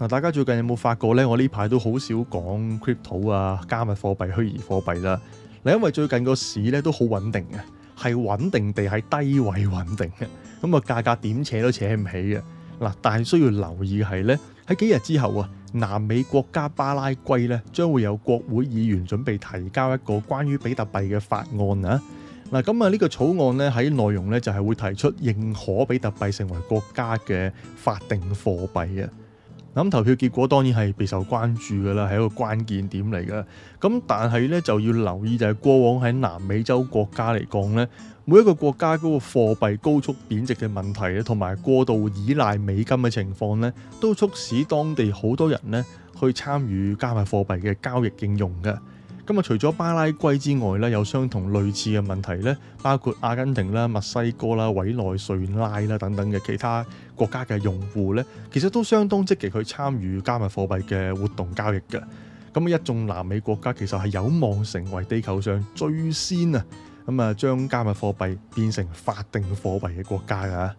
嗱，大家最近有冇發覺咧？我呢排都好少講 crypto 啊，加密貨幣、虛擬貨幣啦。嗱，因為最近個市咧都好穩定嘅，係穩定地喺低位穩定嘅。咁啊，價格點扯都扯唔起嘅嗱。但係需要留意嘅係咧，喺幾日之後啊，南美國家巴拉圭咧將會有國會議員準備提交一個關於比特幣嘅法案啊。嗱，咁啊，呢個草案咧喺內容咧就係會提出認可比特幣成為國家嘅法定貨幣啊。咁投票結果當然係備受關注㗎啦，係一個關鍵點嚟㗎。咁但係咧就要留意，就係過往喺南美洲國家嚟講咧，每一個國家嗰個貨幣高速貶值嘅問題咧，同埋過度依賴美金嘅情況咧，都促使當地好多人咧去參與加密貨幣嘅交易應用㗎。咁啊，除咗巴拉圭之外咧，有相同類似嘅問題咧，包括阿根廷啦、墨西哥啦、委內瑞拉啦等等嘅其他國家嘅用戶咧，其實都相當積極去參與加密貨幣嘅活動交易嘅。咁一眾南美國家其實，係有望成為地球上最先啊，咁啊，將加密貨幣變成法定貨幣嘅國家㗎。